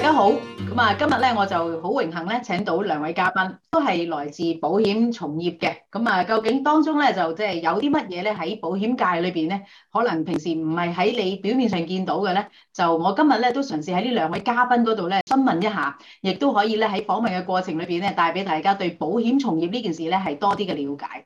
大家好，咁啊，今日咧我就好榮幸咧請到兩位嘉賓，都係來自保險從業嘅。咁啊，究竟當中咧就即係有啲乜嘢咧喺保險界裏邊咧，可能平時唔係喺你表面上見到嘅咧，就我今日咧都嘗試喺呢兩位嘉賓嗰度咧詢問一下，亦都可以咧喺訪問嘅過程裏邊咧帶俾大家對保險從業呢件事咧係多啲嘅了解。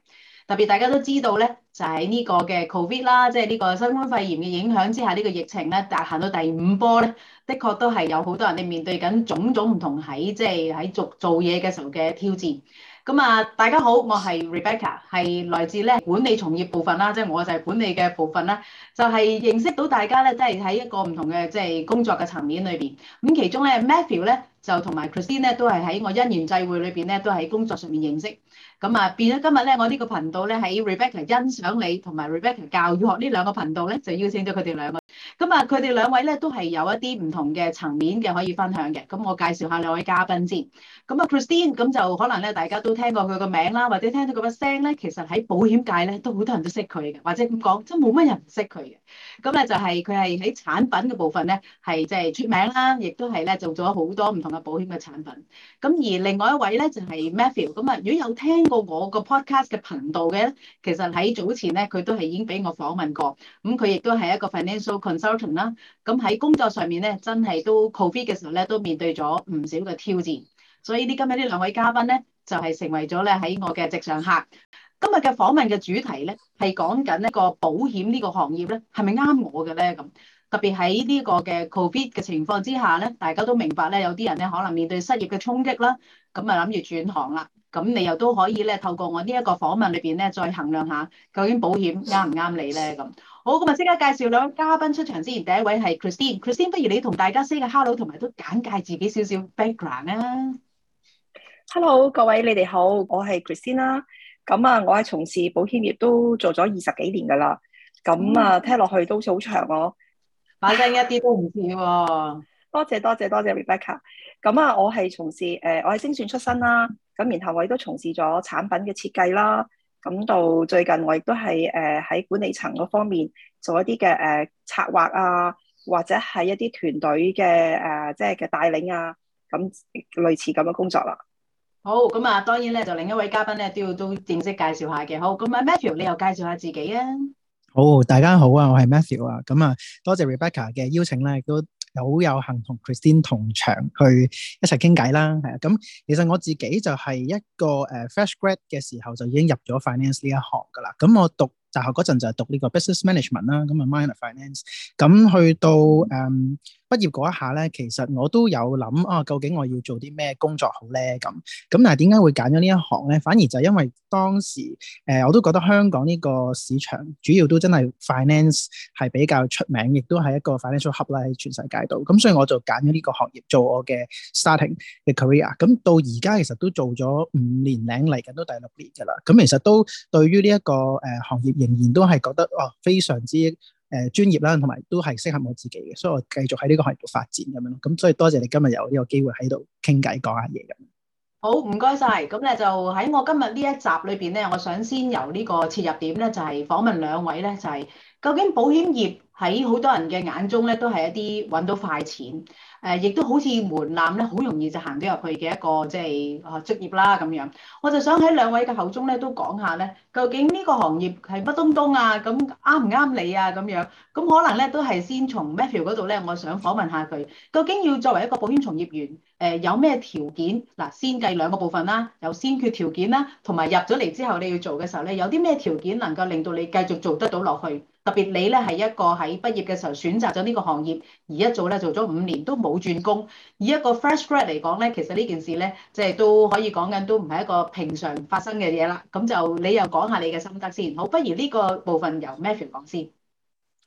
特別大家都知道咧，就喺呢個嘅 COVID 啦，即係呢個新冠肺炎嘅影響之下，呢個疫情咧達行到第五波咧，的確都係有好多人哋面對緊種種唔同喺即係喺做做嘢嘅時候嘅挑戰。咁啊，大家好，我係 Rebecca，係來自咧管理從業部分啦，即係我就係管理嘅部分啦，就係認識到大家咧，即係喺一個唔同嘅即係工作嘅層面裏邊。咁其中咧，Matthew 咧就同埋 Christine 咧都係喺我因緣際會裏邊咧都喺工作上面認識。咁啊，變咗今日咧，我呢個頻道咧喺 Rebecca 欣賞你同埋 Rebecca 教育學呢兩個頻道咧，就邀請咗佢哋兩個。咁啊，佢哋兩位咧都係有一啲唔同嘅層面嘅可以分享嘅。咁我介紹下兩位嘉賓先。咁啊，Christine 咁就可能咧大家都聽過佢個名啦，或者聽到佢個聲咧，其實喺保險界咧都好多人都識佢嘅，或者咁講即冇乜人唔識佢嘅。咁咧就係佢係喺產品嘅部分咧係即係出名啦，亦都係咧做咗好多唔同嘅保險嘅產品。咁而另外一位咧就係 Matthew。咁啊，如果有聽我個 podcast 嘅頻道嘅，其實喺早前咧，佢都係已經俾我訪問過。咁佢亦都係一個 financial consultant 啦。咁喺工作上面咧，真係都 COVID 嘅時候咧，都面對咗唔少嘅挑戰。所以呢，今日呢兩位嘉賓咧，就係成為咗咧喺我嘅席上客。今日嘅訪問嘅主題咧，係講緊呢個保險呢個行業咧，係咪啱我嘅咧？咁特別喺呢個嘅 COVID 嘅情況之下咧，大家都明白咧，有啲人咧可能面對失業嘅衝擊啦，咁啊諗住轉行啦。咁你又都可以咧，透過我呢一個訪問裏邊咧，再衡量下究竟保險啱唔啱你咧咁。好，咁啊，即刻介紹兩位嘉賓出場之前，第一位係 Christine Christine，Christine，不如你同大家 say 個 hello，同埋都簡介自己少少 background 啦。Hello，各位你哋好，我係 Christine 啦。咁啊，我係從事保險業都做咗二十幾年噶啦。咁啊，嗯、聽落去都好似好長哦。反正一啲都唔似，哦。多謝多謝多謝 Rebecca。咁啊，我係從事誒、呃，我係、呃呃、精算出身啦。咁然後我亦都從事咗產品嘅設計啦，咁到最近我亦都係誒喺管理層嗰方面做一啲嘅誒策劃啊，或者係一啲團隊嘅誒即係嘅帶領啊，咁類似咁嘅工作啦。好，咁啊當然咧就另一位嘉賓咧都要都正式介紹下嘅。好，咁啊 Matthew 你又介紹下自己啊。好，大家好啊，我係 Matthew 啊。咁、嗯、啊多謝 Rebecca 嘅邀請嚟到。亦都好有幸同 Christine 同場去一齊傾偈啦，係啊！咁其實我自己就係一個誒、呃、fresh grad 嘅時候就已經入咗 finance 呢一行噶啦。咁我讀大學嗰陣就係讀呢個 business management 啦，咁啊 minor finance。咁去到誒。呃畢業嗰一下咧，其實我都有諗啊、哦，究竟我要做啲咩工作好咧？咁咁，但係點解會揀咗呢一行咧？反而就因為當時誒、呃，我都覺得香港呢個市場主要都真係 finance 係比較出名，亦都係一個 financial hub 啦，喺全世界度。咁、嗯、所以我就揀咗呢個行業做我嘅 starting 嘅 career、嗯。咁到而家其實都做咗五年零嚟緊，都第六年㗎啦。咁、嗯、其實都對於呢一個誒、呃、行業，仍然都係覺得哦，非常之～誒專業啦，同埋都係適合我自己嘅，所以我繼續喺呢個行業發展咁樣咯。咁所以多謝你今日有呢個機會喺度傾偈講下嘢咁。說說說好，唔該晒。咁咧就喺我今日呢一集裏邊咧，我想先由呢個切入點咧，就係訪問兩位咧、就係，就係究竟保險業喺好多人嘅眼中咧，都係一啲揾到快錢。誒，亦都好似門檻咧，好容易就行咗入去嘅一個即係啊職業啦咁樣。我就想喺兩位嘅口中咧，都講下咧，究竟呢個行業係乜東東啊？咁啱唔啱你啊？咁樣。咁可能咧都係先從 Matthew 嗰度咧，我想訪問下佢，究竟要作為一個保險從業員，誒、呃、有咩條件嗱？先計兩個部分啦，有先決條件啦，同埋入咗嚟之後你要做嘅時候咧，有啲咩條件能夠令到你繼續做得到落去？特別你咧係一個喺畢業嘅時候選擇咗呢個行業，而一做咧做咗五年都冇轉工，以一個 fresh grad 嚟講咧，其實呢件事咧，即、就、係、是、都可以講緊都唔係一個平常發生嘅嘢啦。咁就你又講下你嘅心得先。好，不如呢個部分由 Matthew 講先。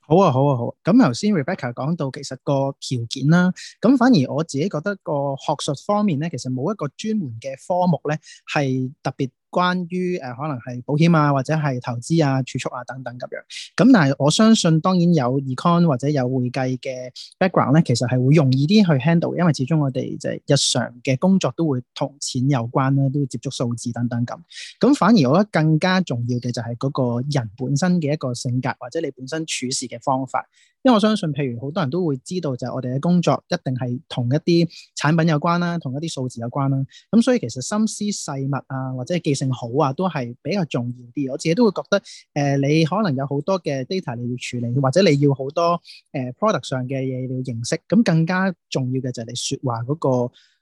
好啊，好啊，好啊。咁頭先 Rebecca 講到，其實個條件啦，咁反而我自己覺得個學術方面咧，其實冇一個專門嘅科目咧，係特別。關於誒、呃，可能係保險啊，或者係投資啊、儲蓄啊等等咁樣。咁但係我相信，當然有 econ 或者有會計嘅 background 咧，其實係會容易啲去 handle，因為始終我哋就係日常嘅工作都會同錢有關啦，都會接觸數字等等咁。咁反而我覺得更加重要嘅就係嗰個人本身嘅一個性格，或者你本身處事嘅方法。因為我相信，譬如好多人都會知道，就係我哋嘅工作一定係同一啲產品有關啦、啊，同一啲數字有關啦、啊。咁所以其實心思細密啊，或者記性好啊，都係比較重要啲。我自己都會覺得，誒、呃，你可能有好多嘅 data 你要處理，或者你要好多誒、呃、product 上嘅嘢你要認識。咁更加重要嘅就係你説話嗰個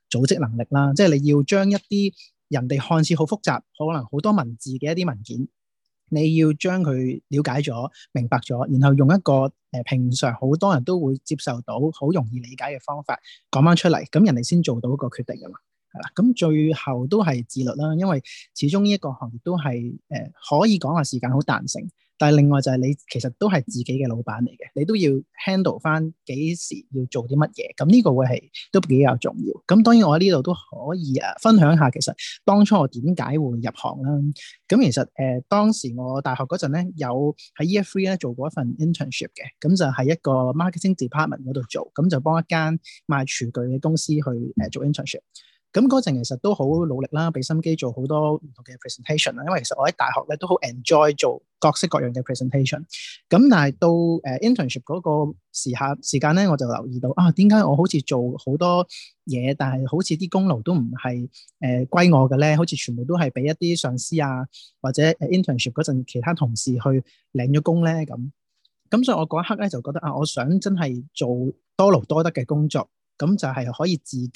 組織能力啦，即、就、係、是、你要將一啲人哋看似好複雜，可能好多文字嘅一啲文件。你要將佢了解咗、明白咗，然後用一個誒平常好多人都會接受到、好容易理解嘅方法講返出嚟，咁人哋先做到一個決定㗎嘛，係啦。咁最後都係自律啦，因為始終呢一個行業都係誒可以講話時間好彈性。但係另外就係你其實都係自己嘅老闆嚟嘅，你都要 handle 返幾時要做啲乜嘢，咁呢個會係都比較重要。咁當然我喺呢度都可以誒分享下，其實當初我點解會入行啦。咁其實誒、呃、當時我大學嗰陣咧，有喺 E F Three 咧做過一份 internship 嘅，咁就喺一個 marketing department 嗰度做，咁就幫一間賣廚具嘅公司去誒做 internship。咁嗰陣其實都好努力啦，俾心機做好多唔同嘅 presentation 啦。因為其實我喺大學咧都好 enjoy 做各式各樣嘅 presentation。咁但係到誒 internship 嗰個時刻時間咧，我就留意到啊，點解我好似做好多嘢，但係好似啲功勞都唔係誒歸我嘅咧？好似全部都係俾一啲上司啊或者 internship 嗰陣其他同事去領咗工咧咁。咁所以我嗰一刻咧就覺得啊，我想真係做多勞多得嘅工作。咁就係可以自己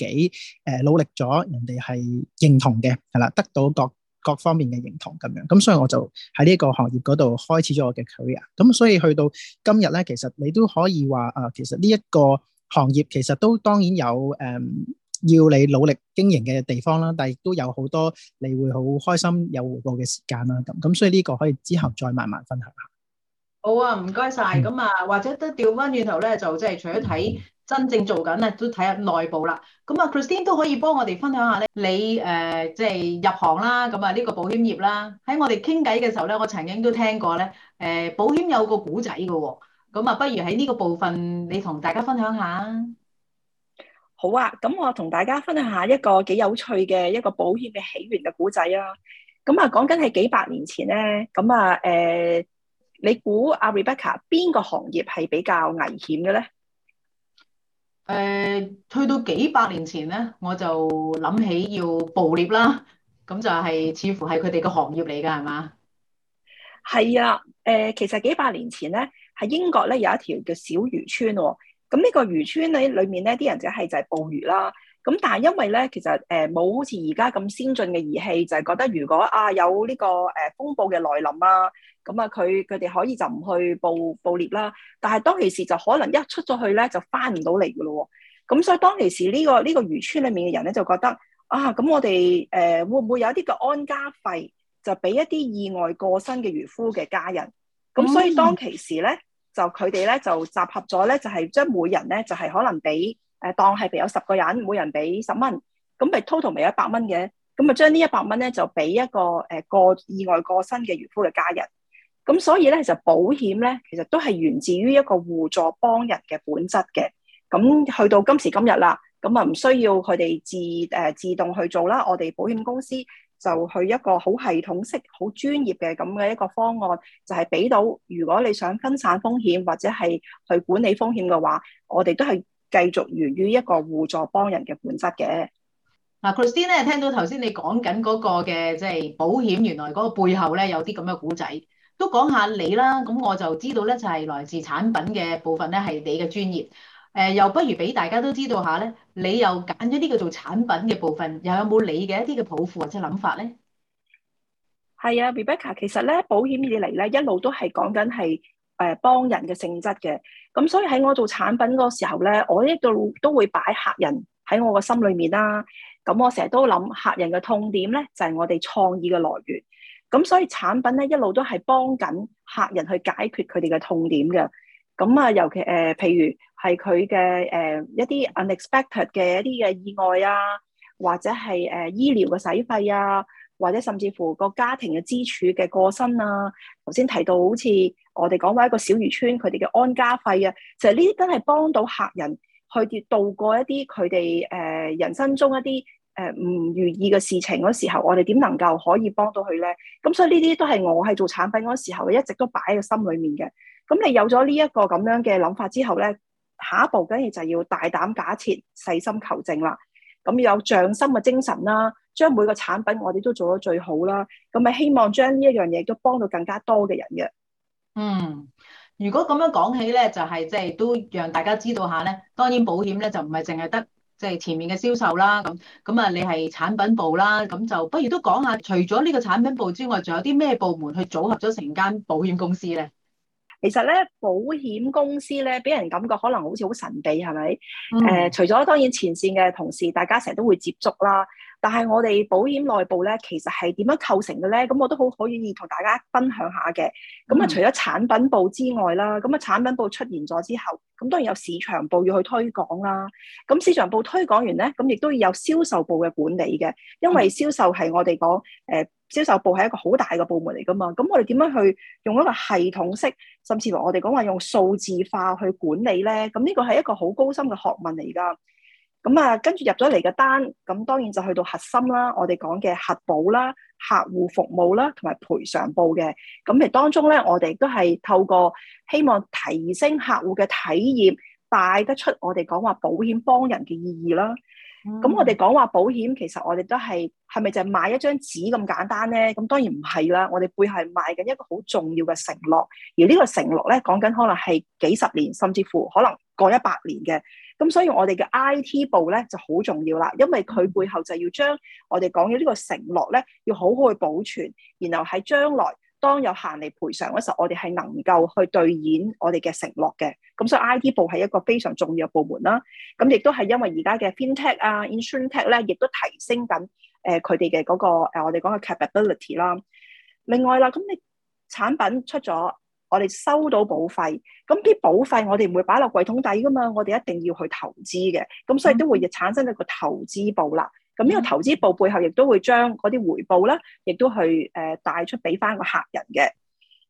誒努力咗，人哋係認同嘅，係啦，得到各各方面嘅認同咁樣。咁所以我就喺呢個行業嗰度開始咗我嘅 career。咁所以去到今日咧，其實你都可以話誒，其實呢一個行業其實都當然有誒要你努力經營嘅地方啦，但係亦都有好多你會好開心有回報嘅時間啦。咁咁所以呢個可以之後再慢慢分享下。好啊，唔該晒。咁啊，或者都調翻轉頭咧，就即係除咗睇。真正做緊啊，都睇下內部啦。咁啊，Christine 都可以幫我哋分享下你誒，即、呃、係、就是、入行啦。咁啊，呢個保險業啦，喺我哋傾偈嘅時候咧，我曾經都聽過咧。誒、呃，保險有個古仔嘅喎。咁啊，不如喺呢個部分你同大家分享下啊。好啊，咁我同大家分享下一個幾有趣嘅一個保險嘅起源嘅古仔啊。咁啊，講緊係幾百年前咧。咁啊，誒、呃，你估阿 Rebecca 邊個行業係比較危險嘅咧？誒去、uh, 到幾百年前咧，我就諗起要捕獵啦，咁就係、是、似乎係佢哋個行業嚟㗎，係嘛？係啊，誒、呃、其實幾百年前咧，喺英國咧有一條叫小漁村喎、哦，咁呢個漁村喺裡面咧，啲人就係就係捕魚啦。咁但係因為咧，其實誒冇好似而家咁先進嘅儀器，就係、是、覺得如果啊有呢、這個誒、呃、風暴嘅來臨啊，咁啊佢佢哋可以就唔去捕捕獵啦。但係當其時就可能一出咗去咧就翻唔到嚟嘅咯。咁、啊、所以當其時呢、這個呢、這個漁村裏面嘅人咧就覺得啊，咁我哋誒、呃、會唔會有啲嘅安家費就俾一啲意外過身嘅漁夫嘅家人？咁、嗯、所以當其時咧就佢哋咧就集合咗咧，就係、是、將每人咧就係、是、可能俾。誒，當係譬有十個人，每人俾十蚊，咁咪 total 咪一百蚊嘅，咁啊將呢一百蚊咧就俾一個誒過意外過身嘅漁夫嘅家人。咁所以咧其實，保險咧其實都係源自於一個互助幫人嘅本質嘅，咁去到今時今日啦，咁啊唔需要佢哋自誒、呃、自動去做啦，我哋保險公司就去一個好系統式、好專業嘅咁嘅一個方案，就係、是，俾到如果你想分散風險或者係去管理風險嘅話，我哋都係。繼續源於一個互助幫人嘅本質嘅。嗱，Christine 咧，聽到頭先你講緊嗰個嘅，即係保險原來嗰個背後咧有啲咁嘅古仔，都講下你啦。咁我就知道咧，就係來自產品嘅部分咧，係你嘅專業。誒、呃，又不如俾大家都知道下咧，你又揀咗啲叫做產品嘅部分，又有冇你嘅一啲嘅抱負或者諗法咧？係啊，Rebecca，其實咧保險以嚟咧，一路都係講緊係誒幫人嘅性質嘅。咁所以喺我做產品嗰個時候咧，我一度都會擺客人喺我個心裏面啦。咁我成日都諗客人嘅痛點咧，就係我哋創意嘅來源。咁所以產品咧一路都係幫緊客人去解決佢哋嘅痛點嘅。咁啊，尤其誒譬、呃、如係佢嘅誒一啲 unexpected 嘅一啲嘅意外啊，或者係誒、呃、醫療嘅使費啊。或者甚至乎個家庭嘅支柱嘅過身啊，頭先提到好似我哋講話一個小漁村，佢哋嘅安家費啊，其實呢啲梗係幫到客人去度過一啲佢哋誒人生中一啲誒唔如意嘅事情嗰時候，我哋點能夠可以幫到佢咧？咁所以呢啲都係我係做產品嗰時候一直都擺喺個心裡面嘅。咁你有咗呢一個咁樣嘅諗法之後咧，下一步梗係就要大膽假設，細心求證啦。咁要有匠心嘅精神啦、啊。將每個產品我哋都做得最好啦，咁咪希望將呢一樣嘢，都幫到更加多嘅人嘅。嗯，如果咁樣講起咧，就係即係都讓大家知道下咧，當然保險咧就唔係淨係得即係前面嘅銷售啦，咁咁啊你係產品部啦，咁就不如都講下，除咗呢個產品部之外，仲有啲咩部門去組合咗成間保險公司咧？其實咧，保險公司咧，俾人感覺可能好似好神秘，係咪？誒、嗯呃，除咗當然前線嘅同事，大家成日都會接觸啦。但係我哋保險內部咧，其實係點樣構成嘅咧？咁我都好願意同大家分享下嘅。咁啊，除咗產品部之外啦，咁啊產品部出現咗之後，咁當然有市場部要去推廣啦。咁市場部推廣完咧，咁亦都要有銷售部嘅管理嘅，因為銷售係我哋講誒。嗯銷售部係一個好大嘅部門嚟㗎嘛，咁我哋點樣去用一個系統式，甚至乎我哋講話用數字化去管理咧？咁呢個係一個好高深嘅學問嚟㗎。咁啊，跟住入咗嚟嘅單，咁當然就去到核心啦。我哋講嘅核保啦、客戶服務啦，同埋賠償部嘅。咁而當中咧，我哋都係透過希望提升客戶嘅體驗，帶得出我哋講話保險幫人嘅意義啦。咁、嗯、我哋講話保險，其實我哋都係係咪就係賣一張紙咁簡單咧？咁當然唔係啦，我哋背後係賣緊一個好重要嘅承諾，而呢個承諾咧，講緊可能係幾十年，甚至乎可能過一百年嘅。咁所以我哋嘅 IT 部咧就好重要啦，因為佢背後就要將我哋講嘅呢個承諾咧，要好好去保存，然後喺將來，當有限嚟賠償嗰時候，我哋係能夠去兌現我哋嘅承諾嘅。咁所以 IT 部係一個非常重要嘅部門啦、啊。咁亦都係因為而家嘅 FinTech 啊、InsuranceTech 咧，亦都提升緊誒佢哋嘅嗰個、啊、我哋講嘅 capability 啦。另外啦，咁你產品出咗，我哋收到保費，咁啲保費我哋唔會擺落櫃桶底噶嘛，我哋一定要去投資嘅。咁所以都會產生一個投資部啦。嗯咁呢個投資部背後亦都會將嗰啲回報啦，亦都去誒帶出俾翻個客人嘅。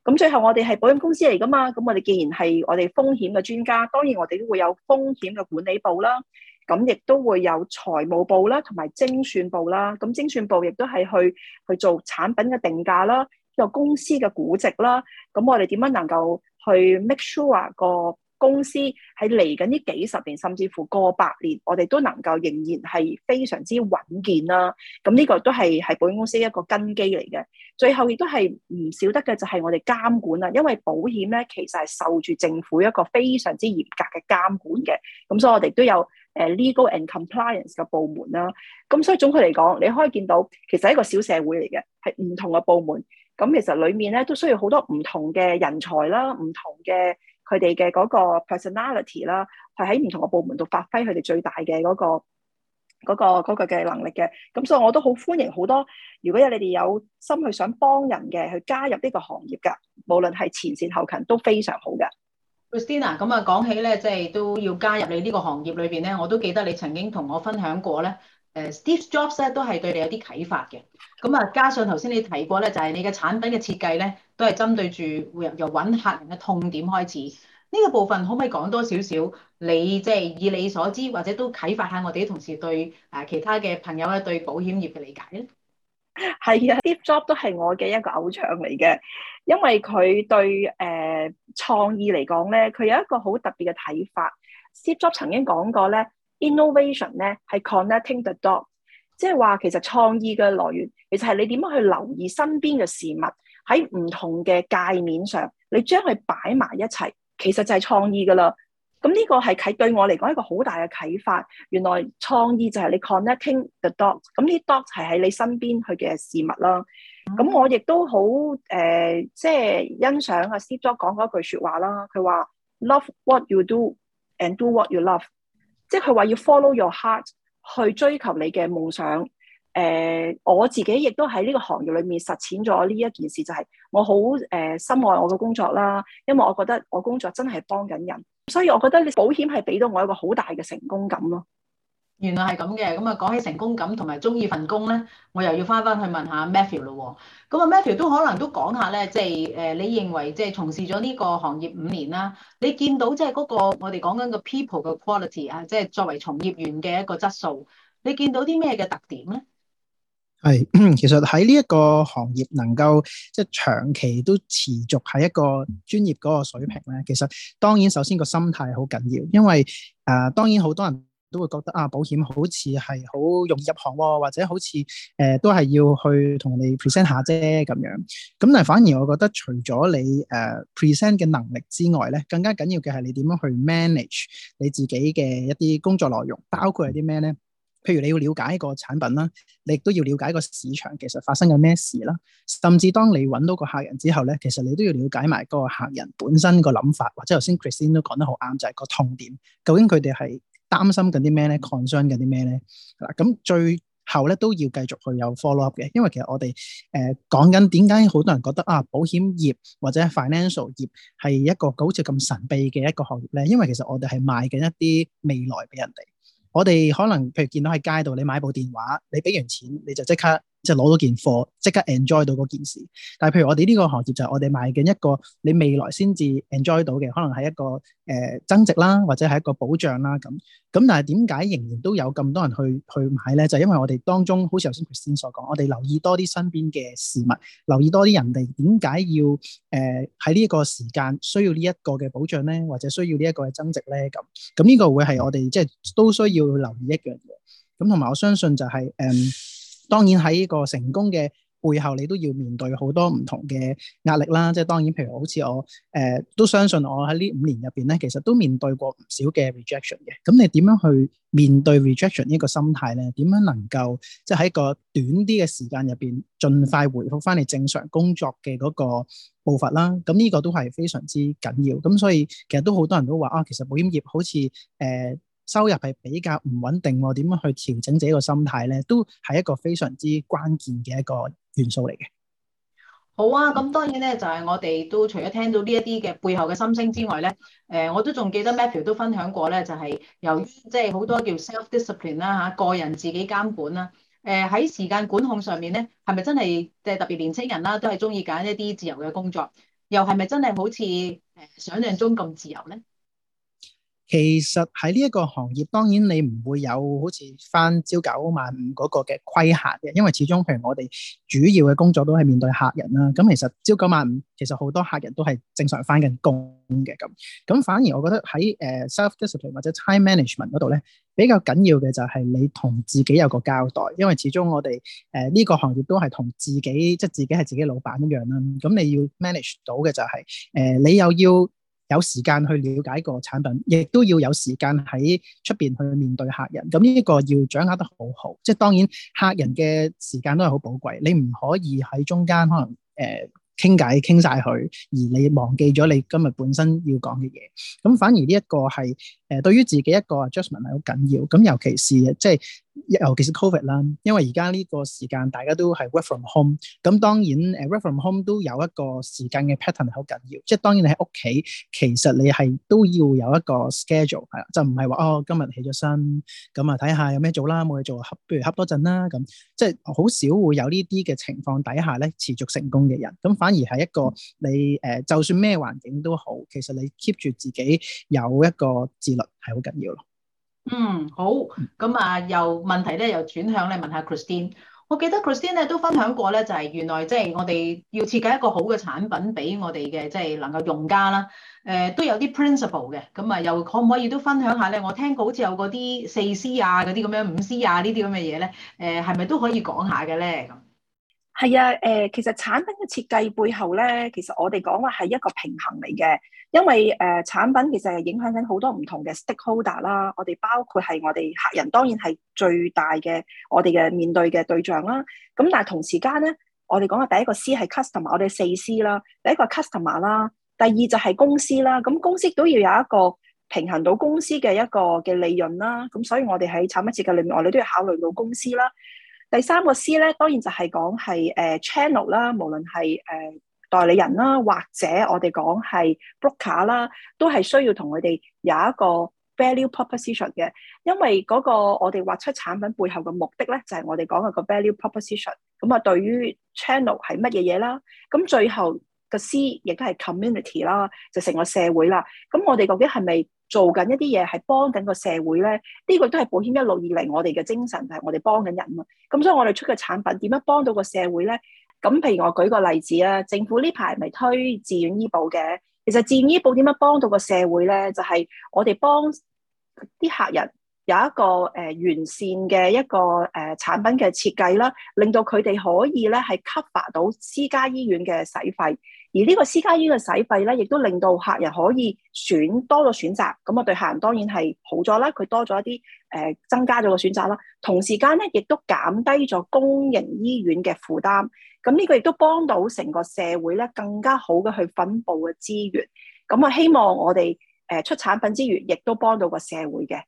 咁最後我哋係保險公司嚟噶嘛，咁我哋既然係我哋風險嘅專家，當然我哋都會有風險嘅管理部啦，咁亦都會有財務部啦，同埋精算部啦。咁精算部亦都係去去做產品嘅定價啦，個公司嘅估值啦。咁我哋點樣能夠去 make sure 個公司喺嚟緊呢幾十年，甚至乎過百年，我哋都能夠仍然係非常之穩健啦。咁呢個都係係保險公司一個根基嚟嘅。最後亦都係唔少得嘅就係我哋監管啦，因為保險咧其實係受住政府一個非常之嚴格嘅監管嘅。咁所以我哋都有誒 legal and compliance 嘅部門啦。咁所以總括嚟講，你可以見到其實係一個小社會嚟嘅，係唔同嘅部門。咁其實裏面咧都需要好多唔同嘅人才啦，唔同嘅。佢哋嘅嗰個 personality 啦，係喺唔同嘅部門度發揮佢哋最大嘅嗰個嗰個嗰個嘅能力嘅。咁所以我都好歡迎好多，如果有你哋有心去想幫人嘅，去加入呢個行業嘅，無論係前線後勤都非常好嘅。Christina，咁啊講起咧，即係都要加入你呢個行業裏邊咧，我都記得你曾經同我分享過咧。誒 Steve Jobs 咧、啊、都係對你有啲啟發嘅，咁啊加上頭先你提過咧，就係、是、你嘅產品嘅設計咧，都係針對住由揾客人嘅痛點開始。呢、這個部分可唔可以講多少少？你即係以你所知，或者都啟發下我哋啲同事對誒其他嘅朋友咧對保險業嘅理解咧？係啊，Steve Jobs 都係我嘅一個偶像嚟嘅，因為佢對誒創、呃、意嚟講咧，佢有一個好特別嘅睇法。Steve Jobs 曾經講過咧。Innovation 咧係 connecting the dots，即係話其實創意嘅來源其實係你點樣去留意身邊嘅事物，喺唔同嘅界面上，你將佢擺埋一齊，其實就係創意㗎喇。咁呢個係啟對我嚟講一個好大嘅啟發。原來創意就係你 connecting the dots。咁呢 dots 係喺你身邊佢嘅事物啦。咁我亦都好誒，即、呃、係、就是、欣賞阿 Steve 講嗰句説話啦。佢話：Love what you do and do what you love。即係佢話要 follow your heart 去追求你嘅夢想。誒、呃，我自己亦都喺呢個行業裏面實踐咗呢一件事，就係、是、我好誒、呃、深愛我嘅工作啦。因為我覺得我工作真係幫緊人，所以我覺得保險係俾到我一個好大嘅成功感咯。原來係咁嘅，咁啊講起成功感同埋鍾意份工咧，我又要返返去問下 Matthew 嘞喎。咁啊，Matthew 都可能都講下咧，即係誒，你認為即係從事咗呢個行業五年啦，你見到即係嗰個我哋講緊個 people 嘅 quality 啊，即係作為從業員嘅一個質素，你見到啲咩嘅特點咧？係，其實喺呢一個行業能夠即係長期都持續喺一個專業嗰個水平咧，其實當然首先個心態好緊要，因為誒、呃、當然好多人。都會覺得啊，保險好似係好容易入行，哦，或者好似誒、呃、都係要去同你 present 下啫咁樣。咁但係反而我覺得除咗你誒 present 嘅能力之外咧，更加緊要嘅係你點樣去 manage 你自己嘅一啲工作內容，包括係啲咩咧？譬如，你要了解個產品啦，你亦都要了解個市場其實發生緊咩事啦。甚至當你揾到個客人之後咧，其實你都要了解埋嗰個客人本身個諗法，或者頭先 Christine 都講得好啱，就係、是、個痛點，究竟佢哋係。擔心緊啲咩咧？concern 緊啲咩咧？係咁，最後咧都要繼續去有 follow up 嘅，因為其實我哋誒、呃、講緊點解好多人覺得啊，保險業或者 financial 業係一個好似咁神秘嘅一個行業咧，因為其實我哋係賣緊一啲未來俾人哋。我哋可能譬如見到喺街度，你買部電話，你俾完錢你就即刻。就攞到件貨，即刻 enjoy 到嗰件事。但係，譬如我哋呢個行業就係我哋賣緊一個你未來先至 enjoy 到嘅，可能係一個誒、呃、增值啦，或者係一個保障啦咁。咁但係點解仍然都有咁多人去去買咧？就係、因為我哋當中好似頭先 Kristen 所講，我哋留意多啲身邊嘅事物，留意多啲人哋點解要誒喺呢一個時間需要呢一個嘅保障咧，或者需要呢一個嘅增值咧咁。咁呢、呢個會係我哋即係都需要留意一樣嘢。咁同埋我相信就係、是、誒。呃當然喺呢個成功嘅背後，你都要面對好多唔同嘅壓力啦。即係當然，譬如好似我誒、呃、都相信我喺呢五年入邊咧，其實都面對過唔少嘅 rejection 嘅。咁你點樣去面對 rejection 呢個心態咧？點樣能夠即係喺個短啲嘅時間入邊，盡快回復翻你正常工作嘅嗰個步伐啦？咁呢個都係非常之緊要。咁所以其實都好多人都話啊，其實保險業好似誒。呃收入係比較唔穩定喎，點樣去調整自己個心態咧？都係一個非常之關鍵嘅一個元素嚟嘅。好啊，咁當然咧，就係、是、我哋都除咗聽到呢一啲嘅背後嘅心聲之外咧，誒、呃，我都仲記得 Matthew 都分享過咧，就係、是、由於即係好多叫 self-discipline 啦嚇，個人自己監管啦，誒、呃、喺時間管控上面咧，係咪真係即係特別年青人啦，都係中意揀一啲自由嘅工作，又係咪真係好似誒想像中咁自由咧？其實喺呢一個行業，當然你唔會有好似翻朝九晚五嗰個嘅規限嘅，因為始終譬如我哋主要嘅工作都係面對客人啦。咁其實朝九晚五，其實好多客人都係正常翻緊工嘅咁。咁反而我覺得喺誒、呃、self-discipline 或者 time management 嗰度咧，比較緊要嘅就係你同自己有個交代，因為始終我哋誒呢個行業都係同自己即係自己係自己老闆一樣啦。咁你要 manage 到嘅就係、是、誒、呃、你又要。有時間去了解個產品，亦都要有時間喺出邊去面對客人。咁呢一個要掌握得好好，即係當然客人嘅時間都係好寶貴，你唔可以喺中間可能誒傾偈傾晒佢，而你忘記咗你今日本身要講嘅嘢。咁反而呢一個係。誒對於自己一個 adjustment 係好緊要，咁尤其是即係尤其是 covid 啦，因為而家呢個時間大家都係 work from home，咁當然誒 work from home 都有一個時間嘅 pattern 係好緊要，即係當然你喺屋企其實你係都要有一個 schedule 係啦，就唔係話哦，今日起咗身咁啊，睇下有咩做啦，冇嘢做不如恰多陣啦，咁即係好少會有呢啲嘅情況底下咧持續成功嘅人，咁反而係一個你誒就算咩環境都好，其實你 keep 住自己有一個係好緊要咯。嗯，好。咁啊，又問題咧，又轉向咧，問下 Christine。我記得 Christine 咧都分享過咧，就係原來即係我哋要設計一個好嘅產品俾我哋嘅，即係能夠用家啦。誒，都有啲 principle 嘅。咁啊，又可唔可以都分享下咧？我聽過好似有嗰啲四 C 啊，嗰啲咁樣五 C 啊，呢啲咁嘅嘢咧。誒，係咪都可以講下嘅咧？咁。係啊，誒、呃，其實產品嘅設計背後咧，其實我哋講話係一個平衡嚟嘅，因為誒、呃、產品其實係影響緊好多唔同嘅 stakeholder 啦，我哋包括係我哋客人，當然係最大嘅我哋嘅面對嘅對象啦。咁但係同時間咧，我哋講嘅第一個 C 係 customer，我哋四 C 啦，第一個 customer 啦，第二就係公司啦，咁公司都要有一個平衡到公司嘅一個嘅利潤啦。咁所以我哋喺產品設計裏面，我哋都要考慮到公司啦。第三個 C 咧，當然就係講係誒、uh, channel 啦，無論係誒、uh, 代理人啦，或者我哋講係 broker 啦，都係需要同佢哋有一個 value proposition 嘅，因為嗰個我哋畫出產品背後嘅目的咧，就係、是、我哋講嘅個 value proposition。咁啊，對於 channel 係乜嘢嘢啦？咁最後個 C 亦都係 community 啦，就成個社會啦。咁我哋究竟係咪做緊一啲嘢係幫緊個社會咧，呢、這個都係保險一路以嚟我哋嘅精神，就係、是、我哋幫緊人嘛。咁所以我哋出嘅產品點樣幫到個社會咧？咁譬如我舉個例子啦，政府呢排咪推自願醫保嘅。其實自願醫保點樣幫到個社會咧？就係、是、我哋幫啲客人有一個誒完善嘅一個誒產品嘅設計啦，令到佢哋可以咧係 cover 到私家醫院嘅使費。而呢個私家醫院嘅使費咧，亦都令到客人可以選多咗選擇，咁啊對客人當然係好咗啦，佢多咗一啲誒、呃、增加咗個選擇啦，同時間咧亦都減低咗公營醫院嘅負擔，咁呢個亦都幫到成個社會咧更加好嘅去分布嘅資源，咁啊希望我哋誒、呃、出產品之餘，亦都幫到個社會嘅。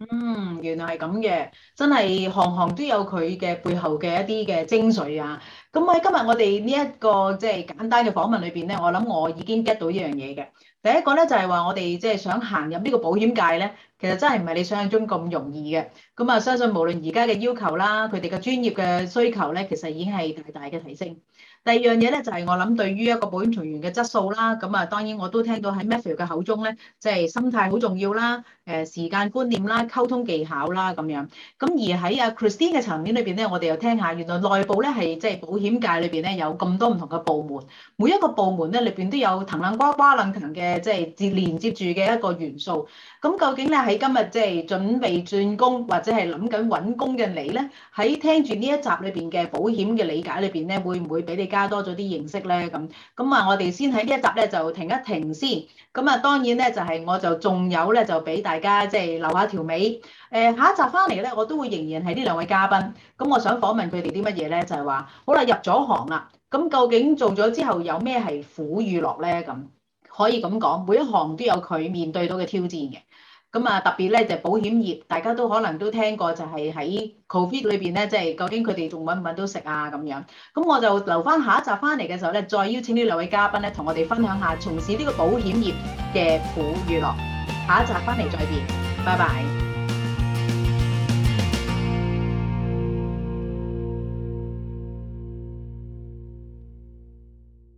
嗯，原來係咁嘅，真係行行都有佢嘅背後嘅一啲嘅精髓啊！咁喺今日我哋呢一個即係簡單嘅訪問裏邊咧，我諗我已經 get 到一樣嘢嘅。第一個咧就係話我哋即係想行入呢個保險界咧，其實真係唔係你想象中咁容易嘅。咁啊，相信無論而家嘅要求啦，佢哋嘅專業嘅需求咧，其實已經係大大嘅提升。第二樣嘢咧，就係、是、我諗對於一個保險從員嘅質素啦。咁啊，當然我都聽到喺 Matthew 嘅口中咧，即、就、係、是、心態好重要啦，誒時間觀念啦，溝通技巧啦咁樣。咁而喺阿 Christine 嘅層面裏邊咧，我哋又聽下原來內部咧係即係保險界裏邊咧有咁多唔同嘅部門，每一個部門咧裏邊都有藤掕瓜瓜掕藤嘅即係接連接住嘅一個元素。咁究竟咧喺今日即係準備轉工或者係諗緊揾工嘅你咧，喺聽住呢一集裏邊嘅保險嘅理解裏邊咧，會唔會俾你加多咗啲認識咧，咁咁啊，我哋先喺呢一集咧就停一停先。咁啊，當然咧就係、是、我呢就仲有咧就俾大家即係、就是、留下條尾。誒下一集翻嚟咧，我都會仍然係呢兩位嘉賓。咁我想訪問佢哋啲乜嘢咧，就係、是、話好啦，入咗行啦，咁究竟做咗之後有咩係苦與樂咧？咁可以咁講，每一行都有佢面對到嘅挑戰嘅。咁啊，特別咧就係、保險業，大家都可能都聽過就，就係喺 COVID 裏邊咧，即係究竟佢哋仲揾唔揾到食啊咁樣。咁我就留翻下，下一集翻嚟嘅時候咧，再邀請呢兩位嘉賓咧，同我哋分享下從事呢個保險業嘅苦與樂。下一集翻嚟再見，拜拜。